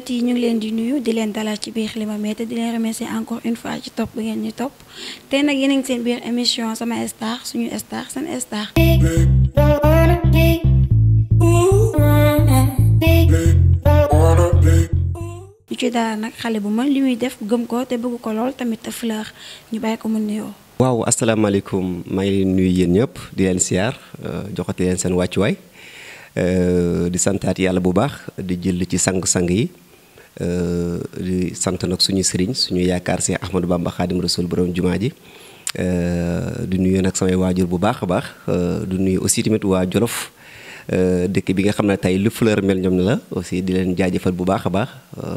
internet yi ñu ngi leen di nuyu di leen dalal ci biir Limametti di leen remercier encore une fois ci top bu ngeen ñu top té nak yéen ngi seen biir émission sama star suñu star sen star. ñu ci dara nak xalé bu ma li muy def gëm ko té bëgg ko lool tamit ta fleur ñu bay ko mu nuyu waaw assalamu alaykum may leen nuyu yeen ñëpp di leen siyaar euh, joxati leen seen wàccuwaay. Euh, di santaat yàlla bu baax di jël ci sang-sang yi Euh, di sant nag suñu sëriñ suñu yaakaar si Ahmadou Bamba Xaadim Rasul borom jumaa ji euh, du nuyu nag samay waajur bu baax a baax euh, du nuyu aussi tamit waa Jolof dëkk bi nga xam ne tey lu fleur mel ñoom la aussi di leen jaajëfal bu baax a baax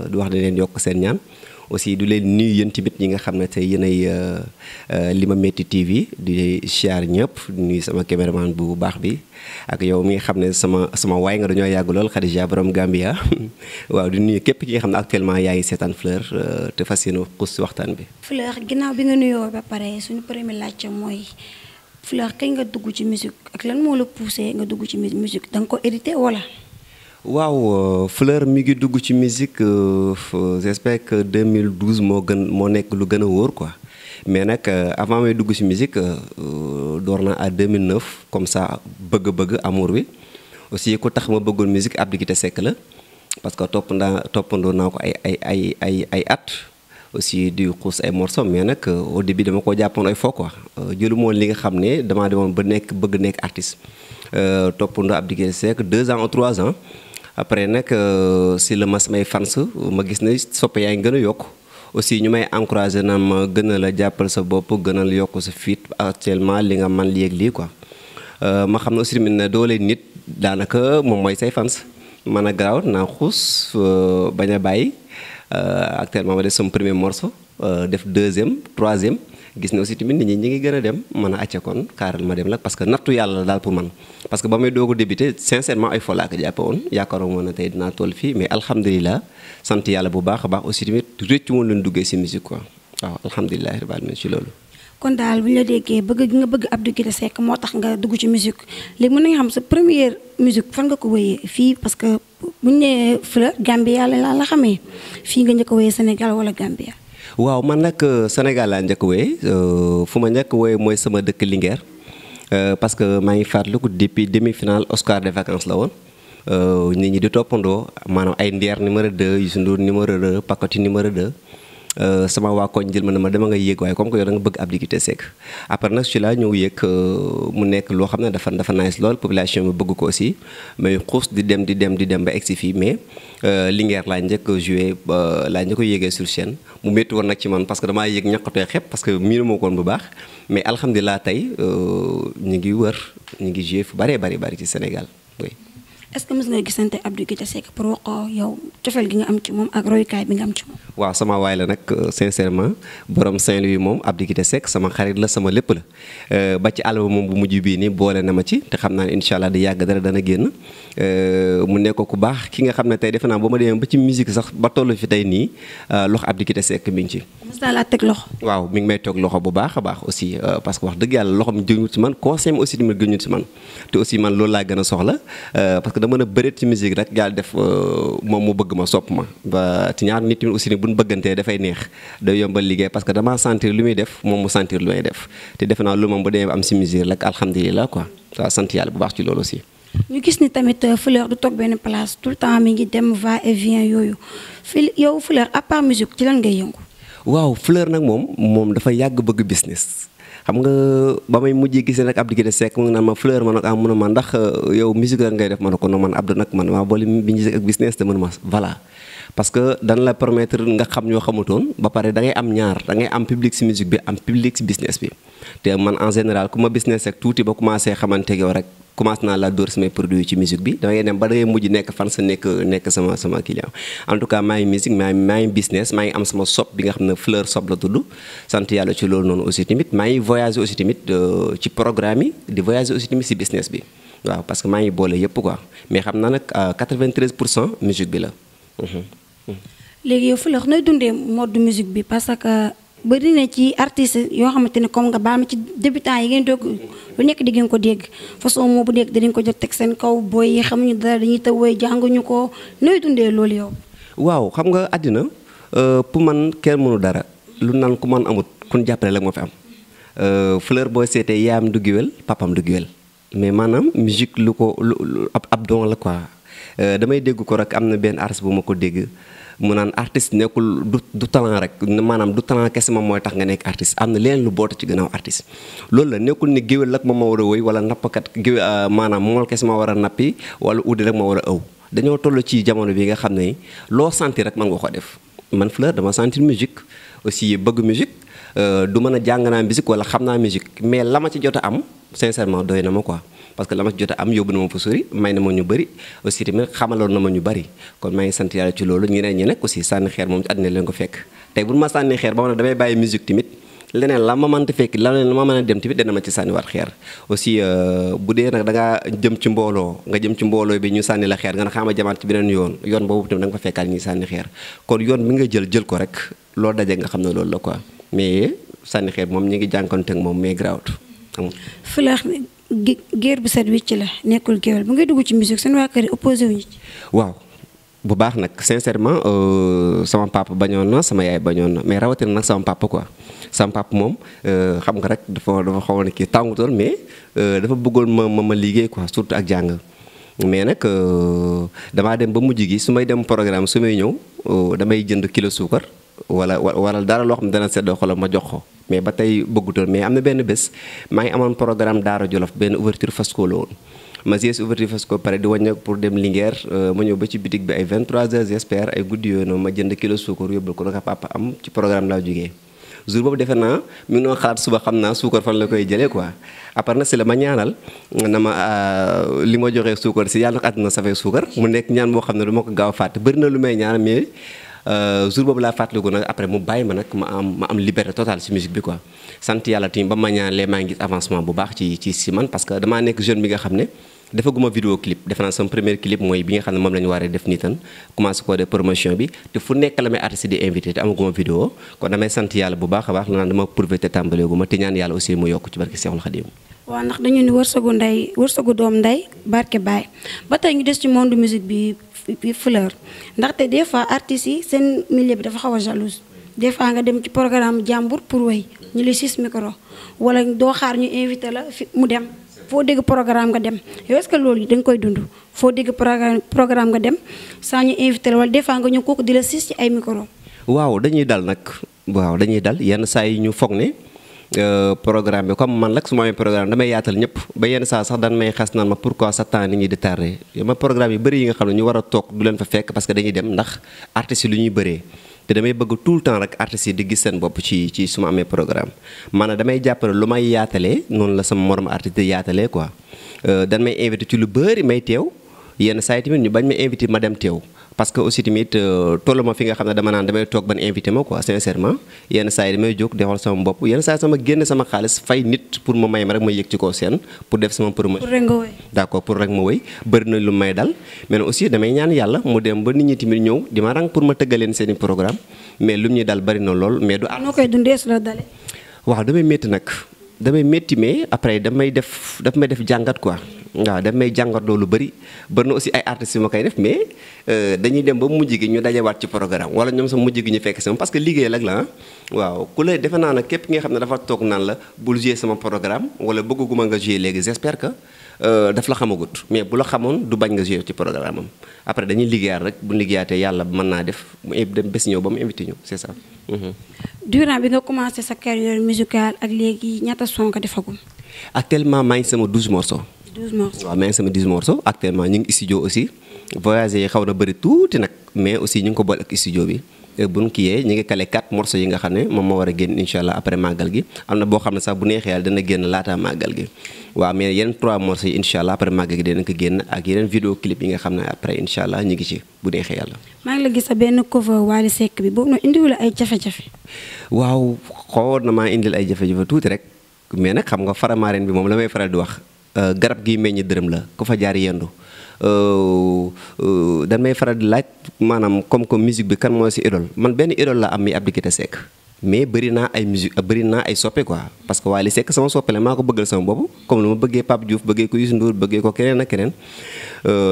di wax ne leen yokk seen ñaan aussi du leen nuyu yéen tamit ñi nga xam ne tey yéen ay euh, euh, Limametti TV di siyaar ñëpp nuy sama caméraman bu baax bi ak yow mi nga xam ne sama sama waay nga dañoo yàgg lool Khadija borom Gambia waaw du nuy képp ki nga xam ne actuellement yaa ngi seetaan Fleur euh, te fas yéene xuus waxtaan bi. Fleur ginnaaw bi nga nuyoo ba pare suñu premier laajte mooy. Fleur kañ nga dugg ci musique ak lan moo la poussé nga dugg ci musique da nga ko édité wala. waaw euh, fleur mi ngi dugg ci musique euh, euh, j'espère que 2012 mo gën mo nek lu gëna woor quoi mais nag avant may dugg ci musique door naa à 2009 comme ça bëgg-bëgg amour bi aussi ko tax ma bëggoon musique Abdou Guité la parce que topp top toppandoo naa ko ay ay ay ay ay at aussi du xuus ay morceaux mais nag au début dama ko jàppoon ay fo quoi jëlu moon li nga xamné dama damaa demoon ba nek bëgg nek artiste top ndo Guité Seck deux ans ou trois ans après nag euh, si la ma samay fans ma gis ne soppe yaa ngi gën a yokku aussi ñu may encouragé na ma gën la jàppal sa bopp gënal yokk sa fit actuellement li nga man li ak lii quoi euh, ma xam ne aussi tamit ne doole nit daanaka moom mooy say fans man a garaaw naa xuus euh, bañ a bàyyi actuellement ma def sama premier morceau def deuxième troisième gis ne aussi tamit nit ñi ñi ngi gën a dem mën a acca kon kaaral ma dem la parce que nattu yàlla la daal pour man parce que ba may doog a débuté sincèrement ay fo laa ko jàppe woon yaakaaroon tey dinaa toll fii mais alhamdulilah sant yàlla bu baax a baax aussi tamit réccu woon leen duggee si musique quoi waaw alhamdulilah rabbil alamin si loolu kon daal bu ñu déggee bëgg gi nga bëgg Abdou Guité Seck moo tax nga dugg ci musique léegi mën nañu xam sa première musique fan nga ko wéyee parce que bu ñu nee fële la la xamee fii nga njëkk a wéyee Sénégal wala Gambia waaw man nag euh, Sénégal laa njëkk wooye euh, fu ma njëkk wooye mooy sama dëkk Linguère euh, parce que maa ngi fàttaliku depuis demi-finale Oscar des vacances la woon nit ñi di toppandoo maanaam ay ndeer numéro 2 Youssou Ndour numéro 2 Pakoti numéro 2 Euh, sama waa koñ jël ma na ma dema nga yéeg waaye comme que yow da nga bëgg Abdou Guité Seck après nag ci laa ñëw yéeg euh, mu nekk loo xam ne dafa dafa nice lool population bi bëgg ko aussi mais xuus di dem di dem di dem ba egsi fii mais euh, Linguère laa njëkk a joué laa njëkk a yéegee sur scène mu métti woon nag ci man parce que damaa yéeg ñaqatee xepp parce que miinu ma ko woon bu baax mais alhamdulilah tey ñu ngi wër ñu ngi joué fu bëree bëri bëri ci Sénégal est-ce que mës nga gisante Abdou Guité Seck pour wax ko cofeel gi nga am ci moom ak royukaay bi nga am ci moom. waaw sama waay la nag euh, sincèrement borom Saint-Louis moom Abdou Guité Seck sama xarit la sama lépp la euh, ba ci album moom bu mujj bii nii boole na ma ci te xam naa ne incha allah di yàgg dara dana génn. Euh, mu nekk ku bax ki nga xamne tay defena buma naa ba ci musique sax ba tollu fi tay ni euh, lox abdi Abdou Seck mi ngi ci. la tek lox waaw mi ngi may tok loxo bu baax bax aussi euh, parce que wax deug yalla loxo mi ci man conseil mi aussi tamit gëñut ci man te aussi man lool la gëna soxla euh, parce que dama mën a ci musique rek gal def mom mu bëgg ma sop ma ba ti ñaar nit aussi ni buñu bëggante da fay neex da yombal liggéey parce que dama sentir lu muy def mom mu sentir lu may def te defena naa loolu moom ba am ci musique rek alhamdulilah quoi ça sent yalla bu baax ci lool aussi ñu gis ni tamit fleur du tok ben place tout temps mi ngi e dem va et vient yoyu fi yow fleur à part musique ci lan ngay yëngu waaw fleur nak mom mom dafa yag bëgg business xam nga ba may mujjee gisee nag Abdou Guèye Seck mo na ma fleur man ak am mëna man ndax eh, yow musique ngay def man ko no man Abdou nak man maa boole biñu musique ak business te mëna ma voilà parce que dañ la permettre nga xam ñoo ba pare da ngay am ñaar da ngay am public si musique bi am public si business bi te man en général ku ma business ak tuuti ba commencé xamante yow rek naa laa dóor samay produit ci musique bi da ngay ba da mujj nekk fan sa nekk nekk sama sama client en tout cas maa ngi musique maa ngi am sama sop bi nga xam ne fleur sop la tudd sant yàlla ci loolu noonu aussi tamit maa ngi voyager aussi tamit euh, ci programme yi di voyager aussi tamit si business bi waaw parce que maa ngi boole yëpp quoi mais xam naa nag euh, pour cent musique bëri na ci artiste yoo xamante ne comme nga baal ma ci débutant yi ngeen dégg lu nekk di ngeen ko dégg façon moo bu nekk dinañ ko jot teg seen kaw booy yi xamuñu dara dañuy taw wooy jànguñu ko nooy dundee loolu yow. waaw xam nga àddina euh, pour man kenn mënu dara lu naan ku man amut kun jàppale la moo fi am euh, fleur boo seetee yaayam du géwél papam du géwél mais maanaam musique lu ko lu ab don la quoi euh, damay dégg ko rek am na benn artiste bu ma ko dégg. mu naan artiste nekkul du du talent rek maanaam du talent kese moom mooy tax nga nekk artiste am na leen lu boote ci gannaaw artiste loolu la nekkul ni géwél rek moom ma war a woy wala nappkat géwél euh, maanaam mool kese ma war a nappi wala uddi rek ma war a ëw dañoo toll ci jamono bi nga xam ne loo sentir rek man nga ko def man Fleur dama sentir musique aussi bëgg musique euh, du mën a jàng naa musique wala xam naa musique mais la ma ci jot a am sincèrement doy na ma quoi parce que la ma jot a am yóbbu na ma fa sori may na ma ñu bëri aussi tamit xamaloon na ma ñu bëri kon maa ngi sant yàlla ci loolu ñeneen ñi nag aussi sànni xeer moom ci àddina leen ko fekk tey bu ma sànni ma ne damay bàyyi musique tamit leneen la ma a dem tamit dana ma ci sànniwaat xeer aussi euh, ci mbooloo nga jëm ci mbooloo bi ñu sànni la xeer nga ne xaama jamaat ci beneen yoon yoon boobu tamit da nga fa fekkaat ñuy sànni xeer kon yoon bi nga jël jël ko rek loolu daje nga xam ne loolu la quoi mais sànni xeer moom ñu ngi jànkonte ak moom mais grawut fleur guerre bu set la nekul géwél bu ngay dugg ci musique sen wa keur opposé wuñ ci waaw bu baax nak sincèrement euh, sama papa bañon na sama yaay bañon na mais rawati nak sama papa quoi sama papa euh xam nga rek dafa dafa xawoon kii tàngutoon mais euh, dafa bëggol ma ma ma liggéey quoi surtout ak jang mais euh dama dem ba mujj gi sumay dem programme sumay ñew euh damay jënd kilo sucre wala wala dara lo xam dana sédd xolam ma jox ko mais ba tey bëggutoon mais am na benn bés maa ngi amoon programme Daara Jolof benn ouverture Fasco la woon ma gis ouverture Fasco pare di wàññeeku pour dem Linguère euh, ma ñëw ba ci bitig bi ay 23h j'espère ay guddi yooyu noonu ma jënd kilo suukar yóbbul ko naka papa am ci programme laa jógee. jour boobu defe naa mi ngi doon xalaat suba xam naa suukar fan la koy jëlee quoi après na si la ma ñaanal na ma euh, li ma joxee suukar si yàlla na àdduna safee suukar mu nekk ñaan boo xam ne du ma ko gaaw a na lu may ñaan Euh, jour boobu laa fàttaliku nag après mu bàyyi ma nag ma am liberté totale si musique bi quoi sant yàlla tamit ba ma ñaanlee maa ngi avancement bu baax ci ci si man parce que damaa nekk jeune bi nga xam ne def nii tan commencé koo promotion bi te fu nekk la may artiste di invité te amaguma vidéo kon damay sant yàlla bu baax a baax naan dama prouvé te tàmbaleeguma te ñaan yàlla aussi mu yokk ci barke Seexul Xadiim waaw ndax dañu ni wërsëgu ndey wërsëgu fleur ndaxte des fois artistes yi seen milieu bi dafa xaw a jalouse des fois nga dem ci programme jàmbur pour wéy ñu li six micro wala doo xaar ñu invité la fi mu dem foo dégg programme nga dem yow est-ce que loolu da nga koy dund foo dégg programme nga dem saa ñu invité la wala des fois nga ñëw kooku di la sis ci ay micro waaw dañuy dal nag waaw dañuy dal yenn saa yi ñu foog ne Euh, programme bi comme man nag su ma amee programme damay yaatal ñëpp ba yenn saa sax dan may xas naan ma pourquoi sa temps nit ñi di tardé ma programme yi bëri yi nga xam ne ñu war a toog du leen fa fekk parce dañuy dem ndax artistes yi lu ñuy bëree te damay bëgg tout le temps rek artistes yi di gis seen bopp ci ci su ma amee programme maanaam damay jàppale lu may yaatalee noonu la sama morom artiste di yaatalee quoi euh, dan may invité ci lu bëri may teew yenn saa yi ñu bañ ma invité ma dem teew parce que aussi tamit euh, tollu ma fi nga xam ne dama naan damay toog ban invité ma quoi sincèrement yenn saa yi damay jóg di xool sama bopp yenn saa yi sama génn sama xaalis fay nit pour ma may ma rek ma yëg ci kaw seen pour def sama promotion. pour rek nga wëy. d'accord rek ma wëy bëri lu may dal mais aussi damay ñaan yàlla mu dem ba nit ñi tamit ñëw di ma pour ma tëggaleen seen i programme mais lu ñuy dal bëri na lool mais du. noo koy dundee su la dalee. waaw damay métti nag damay métti mais après may def daf may def jàngat quoi. waaw daf may jàngatoo lu bëri ba na aussi ay artistes yu ma koy def mais euh, dañuy dem ba mujj gi ñu daje waat ci programme wala ñoom sa mujj gi ñu fekk sama parce que liggéey lag la waaw ku lay defe naa nag képp ki nga xam ne dafa toog naan la bul jouer sama programme wala bëgguma nga jouer léegi j'espère que euh, daf la xamagut mais bu la xamoon du bañ nga jouer ci programme am après dañuy liggéeyaat rek bu liggéeyaatee yàlla mën naa def mu dem bés ba mu invité ñu c'est mm-hmm. commencé sa carrière musicale ak son nga defagum. actuellement maa ngi sama douze 12 waaw maa ngi sama 10 morceaux actuellement ñu ngi studio aussi voyagé yi xaw na bëri tuuti nag mais aussi ñu ngi ko boole ak studio bi. bu ñu kiyee ñu ngi kale 4 morceaux yi nga xam ne moom moo war a génn incha allah après màggal gi am na boo xam ne sax bu neexee yàlla dana génn laata màggal gi waaw mais yeneen 3 morceaux yi incha allah après màggal gi ak yeneen vidéo clip yi nga xam ne après incha allah ñu ngi ci bu neexee yàlla. maa ngi la gis sa benn cover Wally Seck bi boobu noonu indiwul ay jafe-jafe. waaw xawoon na maa indil ay jafe tuuti rek mais nag xam nga faramaareen bi moom la may faral di wax. Euh, garab gi meññ dërëm la ko fa jaar yendu euh, euh, dañ may faral di laaj maanaam comme que musique bi kan moo si idole man benn idole la am mi Abdou Guité Seck mais bëri ay musique bëri naa ay soppe quoi parce que Wally Seck sama soppe la maa ko bëggal sama bopp comme lu ma bëggee Pape Diouf bëggee ko Youssou Ndour bëggee ko keneen ak keneen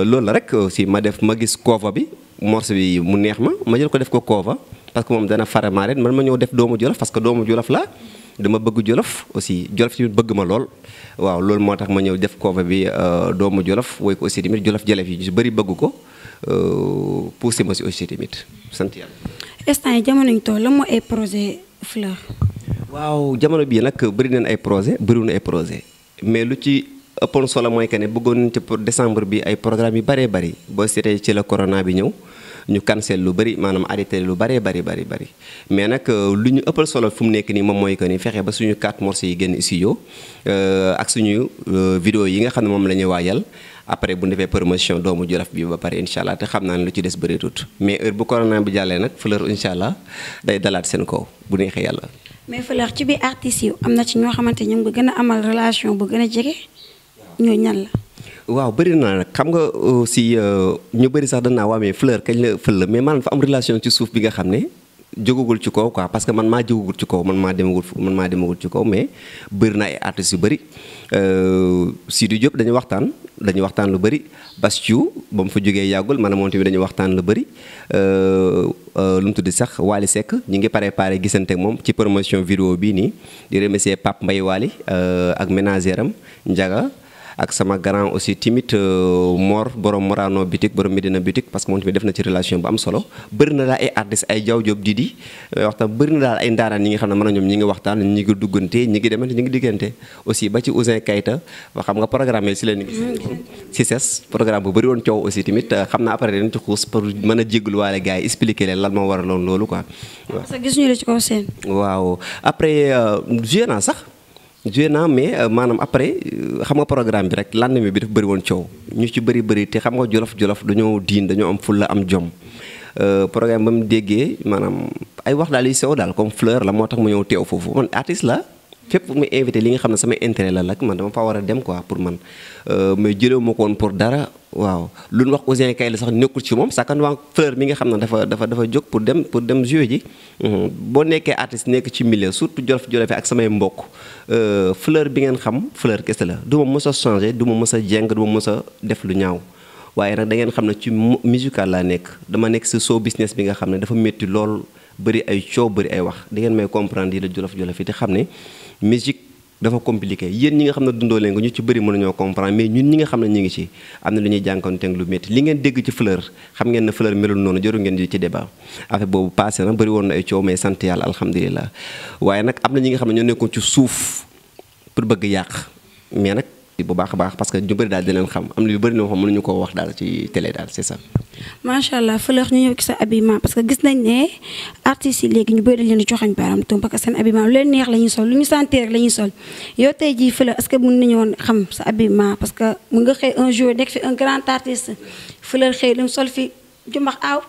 loolu la rek aussi ma def ma gis cover bi morceau bi mu neex ma ma jël ko def ko cover parce moom dana fara maa ren man ma ñëw def doomu jolof parce que doomu jolof la dama bëgg jolof aussi jolof tamit bëgg ma lool waaw loolu moo tax ma ñëw def cover bi euh, doomu jolof woy ko aussi tamit jolof jolof yi su bëri bëgg ko euh, poussé ma si aussi tamit sant yàlla. instant yi jamono ñu toll lan moo ay projet fleur. waaw jamono bii nag bëri nañ ay projet bëriwul ay projet mais lu ci. ëppoon solo mooy que ne bëggoon nañ ci pour décembre bi ay programme yu bëree bëri boo seetee ci la corona bi ñëw ñu cancel lu bëri maanaam arrêté lu bëree bëri bëri bëri mais nag euh, lu ñu ëppal solo fu nekk nii moom mooy que ni fexe ba suñu quatre morceaux yi génn studio euh, ak suñu euh, vidéo yi nga xam ne moom la waajal après bu ñu defee promotion doomu Jolof bi ba pare incha allah te xam naa ne lu ci des bëreetut mais heure bu corona bi jàllee nag fleur incha allah day dalaat seen kaw bu neexee yàlla. mais fleur ci biir artistes yi am na ci ñoo xamante ñu ngi gën a amal a jege waaw bëri na nag xam nga aussi euh, ñu bëri sax danaa waa mais fleur kañ la fël la mais maanaam dafa am relation ci suuf bi nga xam ne jógagul ci kaw quoi parce que man maa jógagul ci kaw man maa demagul man maa demagul ci kaw mais bëri na ay artistes yu bëri euh, Sidy Diop dañu waxtaan dañu waxtaan lu bëri Bastiou ba mu fa jógee yàggul maanaam moom tamit dañu waxtaan lu bëri euh, lu mu tuddi sax Waly Seck ñu ngi préparé gisante moom ci promotion vidéo bii nii di remercier Pape Mbaye Waly ak ménagère am Ndiaga ak sama grand aussi timit euh, Mor borom Morano boutique borom Medina boutique parce que moom tamit def na ci relation bu am solo bëri na daal ay artistes ay jaww di di waxtaan bëri na daal ay ndaaraan ñi nga xam ne mën a ñoom ñi ngi waxtaan ñi ngi duggante ñi ngi demante ñi ngi diggante aussi ba ci Ousin Kayta ba xam nga programme yi si leen gis mm-hmm. si ses programme bu bëri woon coow aussi tamit euh, xam naa après dañ ci xuus pour mën a jégluwaale gars yi expliquer leen lan joué naa mais euh, maanaam après euh, xam nga programme bi rek lendemain bi dafa bëri woon coow ñu ci bëri bëri te xam nga jolof jolof dañoo diin dañoo am fulla am jom euh, programme ba mu déggee maanaam ay wax daal yu sew daal comme fleur la moo tax mu ñëw teew foofu man artiste la. fépp fu mu invité li nga xam ne sama intérêt la nag man dama faa war a dem quoi pour man euh, may jëlewu ma ko woon pour dara waaw lu ñu wax Ouzin kay la sax nekkul ci moom sakan waa fleur mi nga xam ne dafa dafa dafa jóg pour dem dem jouer ji mhm. boo nekkee artiste nekk ci milieu surtout jolof jolofe ak samay mbokk euh, fleur bi ngeen xam fleur kese la du ma mës a changé du ma mës a jeng du a def lu ñaaw waaye nag da ngeen xam ne ci musical laa nekk dama nekk si soo business bi nga xam ne dafa métti lool bëri ay coow bëri ay wax da ngeen may comprendre yi la jolof jolof yi te xam ne musique dafa compliqué yéen ñi nga xam ne dundoo leen ñu ci bëri mënuñoo comprendre mais ñun ñi nga xam ne ñu ngi ci am na lu ñuy jànkonteeg lu métti li ngeen dégg ci fleur xam ngeen ne fleur melul noonu jarul ngeen di ci débat affaire boobu passé na bëri woon na ay coow mais sant yàlla alhamdulilah waaye nag am na ñi nga xam ne ñoo nekkoon ci suuf pour bëgg yàq mais nag si bu baax a baax parce que ñu bëri daal dinañ xam am na yu bëri na xam mënuñu koo wax daal ci télé daal c'est ça. macha allah Fleur ñu ñëw ci sa habillement parce que gis nañ ne artistes yi léegi ñu bëri dañ di joxañ baaraam tuum parce que seen habillement lu leen neex la sol lu ñu sentir rek sol yow tey jii Fleur est-ce nañu woon xam sa habillement parce que mun nga xëy un jour nekk fi un grand artiste Fleur xëy lim sol fi jumbax aaw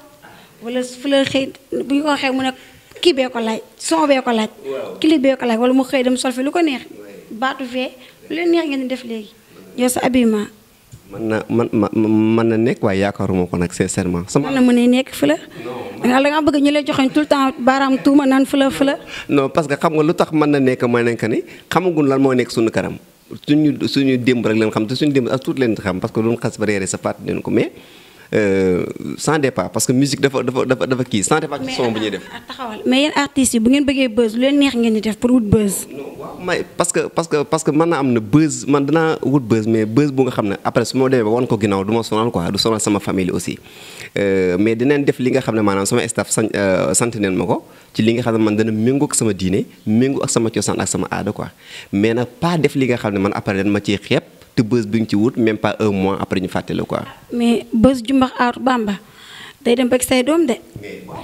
wala Fleur xëy bu ñu ko waxee mu ne kii bee lu leen neex ngeen def léegi yow sa habillement. mën na man mën na nekk waaye yaakaaruma ko nag sincèrement. sama mën na mën a nekk fële. non da bëgg ñu lay joxoñ tout le baaraam tuuma naan fële fële. non parce que xam nga lu tax mën na nekk mooy nekk ni xamaguñ lan moo nekk suñu kanam suñu suñu démb rek leen xam te suñu démb ak tuut leen xam parce que duñ xas ba réeré sa faat leen ko mais. Euh, sans départ parce que musique dafa dafa dafa dafa kii sans départ ci son bu ñuy def. taxawal mais yéen artistes yi bu ngeen bëggee buzz lu leen neex ngeen di def pour wut buzz. parce que parce que parce que mën naa am na buzz man dana wut buzz mais buzz bu nga xam ne après su ma demee ba wan ko ginnaaw du ma sonal quoi du sonal sama famille aussi euh, mais dinañ def li nga xam ne maanaam sama staff sant euh, sant neen ma ko ci li nga xam ne man dana méngoo ak sama diine méngoo ak sama cosaan ak sama aada quoi mais nag pas def li nga xam ne man après dañ ma ciy te bës bi ñu ci wut même pas un mois après ñu fàtte la quoi. mais bës jumbax aaru bàmba day dem ba say doom de.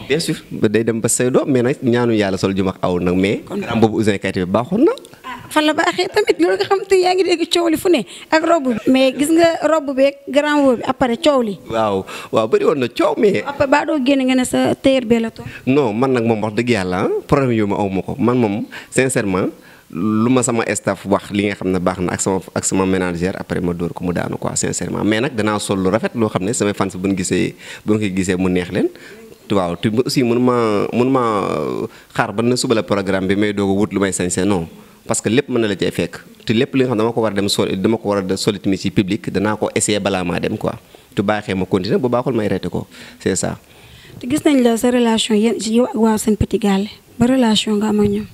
bien day dem ba say doom mais nag ñaanu yàlla sol jumbax aw nag mais. kon dara am boobu Ouzin Keita bi baaxoon na. Ah, fan la baaxee tamit loolu nga xam te yaa ngi dégg coow li fu ne ak robb bi mais gis nga robb beeg grand woo bi coow li waaw waaw bëri woon na coow mais après baa doo génn nga ne sa téer bee la toog non man nag moom wax dëgg yàlla ah, problème yooyu ma aw ma ko man moom sincèrement lu ma sama staff wax li nga xam ne baax na ak sama ak sama manager après ma dóor ko mu daanu quoi sincèrement mais nag danaa sol lu rafet loo xam ne samay fans bu ñu gisee bu ñu ko euh, ba na suba la programme bi may a wut lu may sañse non parce lépp mën na la cay fekk te lépp li nga xam dama ko war a dem sol dama a ci public danaa ko essayer balaa maa dem quoi tu baaxee ma continuer bu baaxul may rete ko c'est ça. te gis nañ la sa relation yéen yow ak waa Sen Petit Gallé ba relation nga am ak ñoom.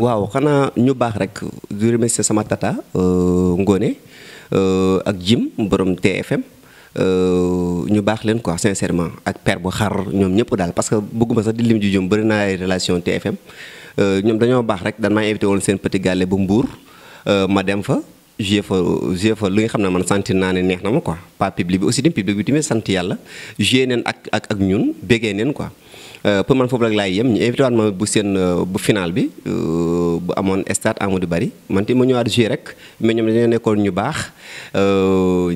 waaw xanaa ñu baax rek di remercier sama tata euh, Ngone euh, ak Jim borom TFM euh, ñu baax leen quoi sincèrement ak per bu xar ñoom ñëpp daal parce que bëgguma sax di lim ju jëm bëri naa ay relation TFM ñoom dañoo baax rek dan maa invité woon seen patigale gàlle bu Mbour ma dem fa. joué fa joué fa li nga xam ne man sentir naa ne neex na ma quoi pas public bi aussi dem public bi tamit sant yàlla joué neen ak ak ak ñun bégee neen quoi. Euh, pour man foofu rek laay yem ñu invité ma bu seen euh, bu final bi euh, bu amoon stade Amadou Barry man te ma ñëwaat joué rek mais ñoom dañoo nekkoon ñu baax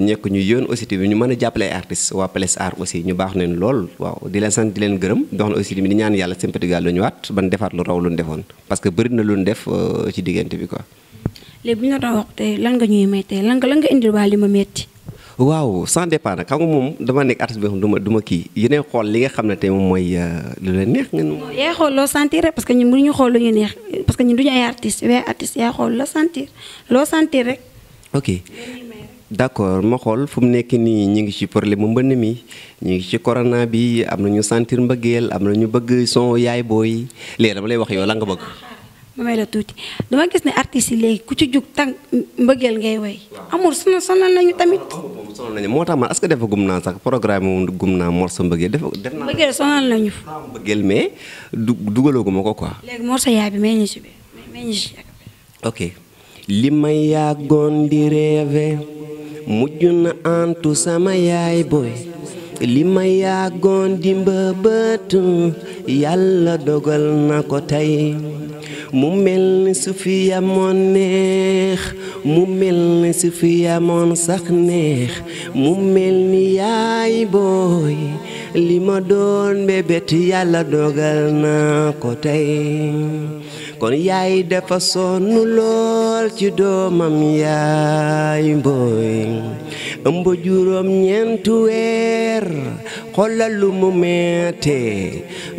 ñekk ñu yoon aussi tamit ñu mën a jàppale artistes waa Place Art aussi ñu baax neen lool waaw di leen sant di leen gërëm dox na aussi tamit ñaan yàlla seen Portugal la ñu waat ban defaat lu raw lu ñu defoon parce que bëri na lu ñu def ci diggante bi quoi. léegi bu ñu wax tey lan nga ñuy may tey lan nga lan waaw sans dépend nag xam nga moom dama nekk artiste bi nga xam du ma kii yeneen xool li nga xam ne tey moom mooy euh, lu leen neex ngeen. yaa xool loo sentir rek parce que ñun mënuñu xool lu ñu neex parce que ñun duñu ay artiste waaye artiste yaa xool loo sentir loo sentir rek. ok d' accord ma xool fu mu nekk nii ñu ngi ci problème mu mbënn mi ñu ngi ci corona bi am na ñu sentir mbëggeel am na ñu bëgg son yaay booy léegi ma lay wax yow la nga bëgg. ma may la tuuti dama gis ne artistes yi léegi ku ci jug tànk mbëggeel ngay way amul sonal sonal nañu tamit. sonal nañu moo tax man est-ce que dafa gum naa sax programme mu gum naa morso mbëggeel def naa. mbëggeel sonal ko morso yaay bi may ñu si may ñu si ok li may yàggoon di rêve mujj na antu sama yaay booy. li ma yàggoon di mbëbët yàlla dogal na ko tey mu mel ni su fi yamoon neex mu mel ni su fi yamoon sax neex mu mel ni yaay booy li ma doon bébét yàlla dogal na ko tey kon yaay dafa sonn lool ci doomam yaay booy ëmb juróom ñeentu weer xoolal lu mu meete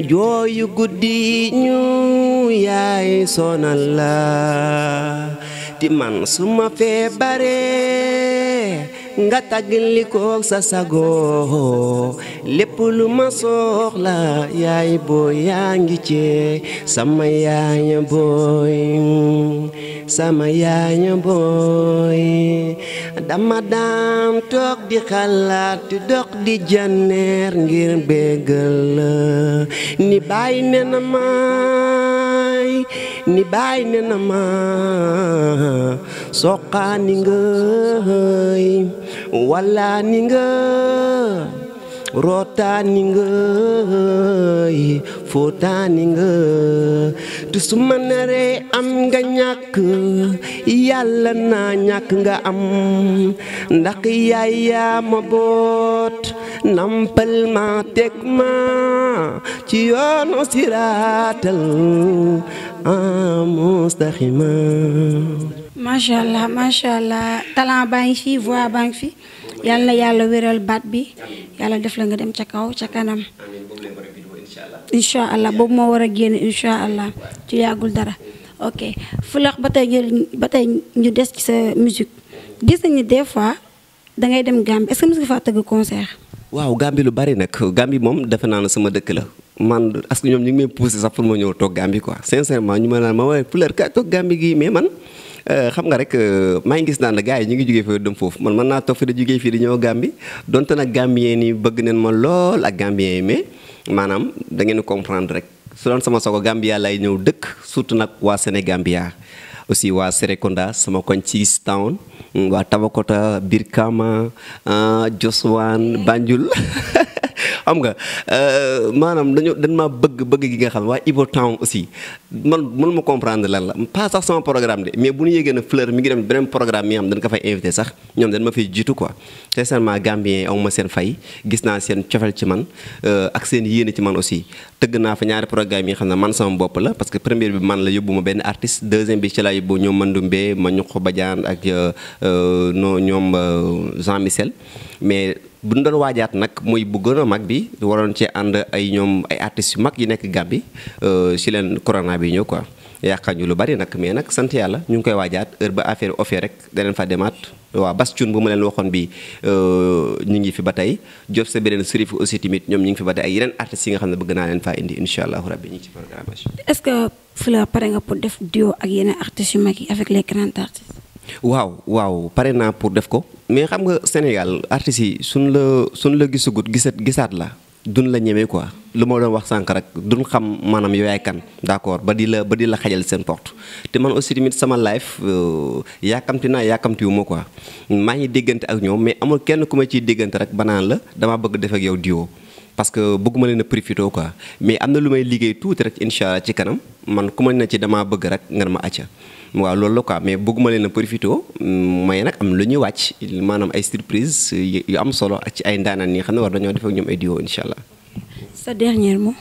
jooyu guddi ñu yaay sonal la ti man suma fee nga tàggali ko sa sago lépp lu ma soxla yaay bo yaangi ci sama yaay boy sama yaay boy dama dok tok di khalat dox di janneer ngir béggal ni nama. na ma ni baay ne na ma soqaani nga wallaani nga rootaani nga footaani nga te su ma naree am nga ñàkk yàlla naa ñàkk nga am ndax yaay yaa ma boot nampal ma teg ma ci yoonu siraatal mustaxima macha allah macha allah talent baa ngi fi voix baa ngi fi yàlla na yàlla wéral baat bi yàlla def la nga dem ca kaw ca kanam incha allah boobu moo war a génne incha allah ci yàggul dara ok Fulakh ba tey ba tey ñu des ci sa musique gis nañu des fois da ngay dem Gambie est-ce que mos faa tëgg concert. waaw Gambie lu bari nag Gambie moom defe naa ne sama dëkk la man est ce ñom ñi ngi may pousser sax pour ma ñëw tok gambi quoi sincèrement ñu ma naan ma way Fleur ka tok gambi gi mais man xam eh, nga rek eh, maa ngi gis naan la gars yi ngi joggé fa dem fofu man man na tok fi da joggé fi di ñëw gambi donte nak Gambien yi bëgg neen ma lool ak Gambien yi mais manam da ngeen comprendre rek su doon sama soko Gambia ya lay ñëw dëkk surtout nak wa Sénégambia aussi wa Serekonda sama koñ ci town wa Tabakota Birkama ah, Joswan Banjul xam nga euh, maanaam dañoo dañ ma bëgg bëgg gi nga xam waa Ibo Town aussi man mën ma comprendre lan la pas sax sama programme de mais bu ñu yégee na fleur mi ngi dem beneen programme mi nga xam dañ ko fay invité sax ñoom dañ ma fay jiitu quoi sincèrement Gambien yi aw ma seen fay gis naa seen cofel ci man euh, ak seen yéene ci man aussi tëgg naa fa ñaari programme yi xam ne man sama bopp la parce que première bi man la yóbbu ma benn artiste deuxième bi ci laa yóbbu ñoom Mandoumbe ma ñuq Badiane ak euh, ñoom Jean Michel buñ doon waajaat nak muy bu gëna mag bi waron ci and ay ñom ay artist yu mag yi gabi euh ci len corona bi ñëw quoi yàqal ñu lu bari nak mais nak sant yalla ñu ngi koy waajaat heure ba affaire offee rek len fa demat wa bas bu ma len waxon bi euh, ñi ngi fi batay job sa benen serif aussi timit ñom ñi ngi fi batay ay yenen artist yi nga xamne bëgg na len fa indi inshallah rabbi ñi ci programmation est ce que fleur paré nga pour def duo ak yenen artist yu mag yi avec les grands artistes waaw waaw pare naa pour def ko mais xam nga Sénégal artistes yi suñ la suñ la gisugut gisat gisaat la duñ la ñemee quoi lu ma doon wax sànq rek duñ xam maanaam yow yaay kan ba di la ba di la xajal seen porte te man aussi tamit sama life euh, yàkkamti naa yàkkamti wu ma maa ngi déggante ak ñoom mais amul kenn ku ma ciy déggante rek banaan la damaa bëgg def ak yow diwo parce que bëgguma leen a profitoo quoi mais am na lu may liggéey tuuti rek incha ci kanam man ku ma ne ci damaa bëgg rek nga ma acca waa loolu la quoi mais bëgguma leen a profitoo may nag am lu ñuy wàcc maanaam ay surprise yu am solo ci ay ndaanaan yi xam ne war dañoo def ñoom ay duo incha allah. sa dernier mot.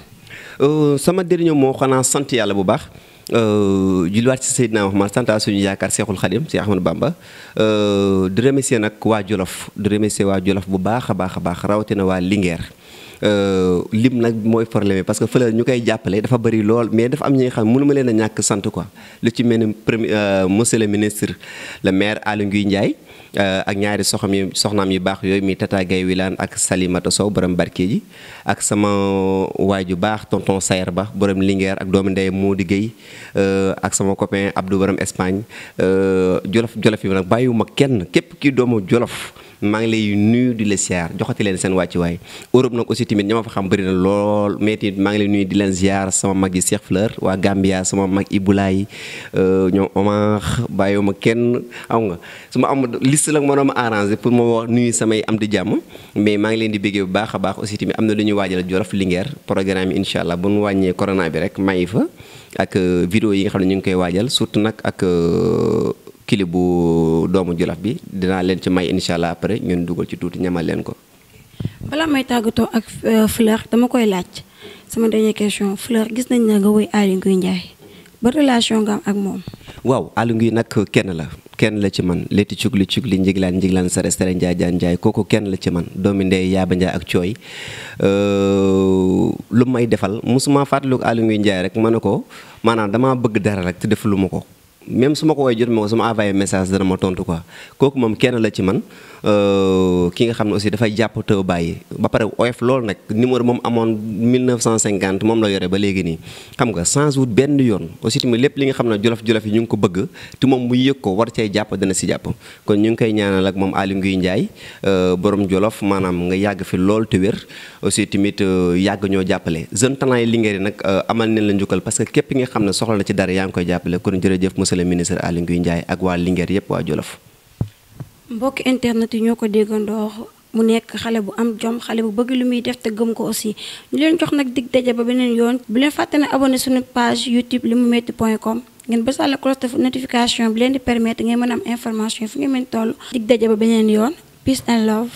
Euh, sama dernier moo xanaa sant yàlla bu baax. Euh, julliwaat ci Seydina Muhammad santa suñu yaakaar Seexul Xadim si Ahmadou Bamba euh, di remercier nag waa Jolof di remercier waa Jolof bu baax a baax a baax rawatina waa Linguère. Euh, lim nag mooy problème parce que fële ñu koy jàppale dafa bari lool mais dafa am ñi nga xam mënu leen a ñàkk sant ko lu ci mel ni premier euh, monsieur le ministre le maire Aly Ngouille Ndiaye Eh, ak ñaari soxam yi soxnam yu bax yoy mi Tata Gaye Wilane ak Salimata Sow borom barke ji ak sama waju bax tonton Sayer Ba borom Linguère ak doomu ndey Mody Gueye eh, ak sama copain Abdou borom Espagne eh, jolof jolof yi bayu ma kenn kep ki doomu jolof maa ngi lay nuyu di le ziar joxati sen seen way Europe nak aussi timit ñama fa xam bari na lol metti lay nuyu di len ziar sama magi Cheikh Fleur wa Gambia sama mag euh ñom Omar ma kenn aw nga sama am liste la ma doon arrangé pour ma wax nuyu samay am di jàmm mais maa ngi leen di béggee bu baax a baax aussi tamit am na lu ñu waajal Jolof Linguère programme yi incha allah bu ñu wàññee corona bi rek mayi fa ak euh, vidéo yi nga xam ne ñu ngi koy waajal surtout nag ak clip euh, bu doomu Jolof bi dinaa leen ci may incha allah après ñun dugal ci tuuti ñamal leen ko. balaa may tàggatoo ak euh, Fleur dama koy laaj sama dernière question Fleur gis nañ na nga woy Aly Ngouille Ndiaye ba relation nga ak moom. waaw Aly Ngouille nag kenn la. kenn la ci man létti cugli cugli njiglaan njiglaan sare sare njaay jaan njaay kooku kenn la ci man doomi ndey yaaba njaay ak cooy lu may defal musuma fàttaliku Aly Ngouille Ndiaye rek ma ne ko maanaam damaa bëgg dara rek te defaluma ko même su ma ko woowee jot ma ko su ma envoyé message dana ma tontu quoi kooku moom kenn la ci man euh, ki nga xam ne aussi dafay jàpp taw bàyyi ba pare oyof loolu nag numéro moom amoon 1950 moom la yore ba léegi nii xam nga sans doute benn yoon aussi tamit lépp li nga xam ne jolof-jolof yi ñu ngi ko bëgg te moom mu yëg ko war cee jàpp dana si jàpp kon ñu ngi koy ñaanal ak moom Aly Ngouille Ndiaye euh, borom jolof maanaam nga yàgg fi lool te wér aussi tamit euh, ne soxla na monsieur le ministre Aly Ngouille Ndiaye ak waa Linguère yëpp waa Jolof. mbokki internet yi ñoo ko déggandoo mu nekk xale bu am jom xale bu bëgg lu muy def te gëm ko aussi ñu leen jox nag dig daje ba beneen yoon bu leen fàtte ne abonné suñu page youtube limametti point com ngeen bësal cloche de notification bi leen di permettre ngeen mën a am information yi fu ngeen mën toll dig daje ba beneen yoon peace and love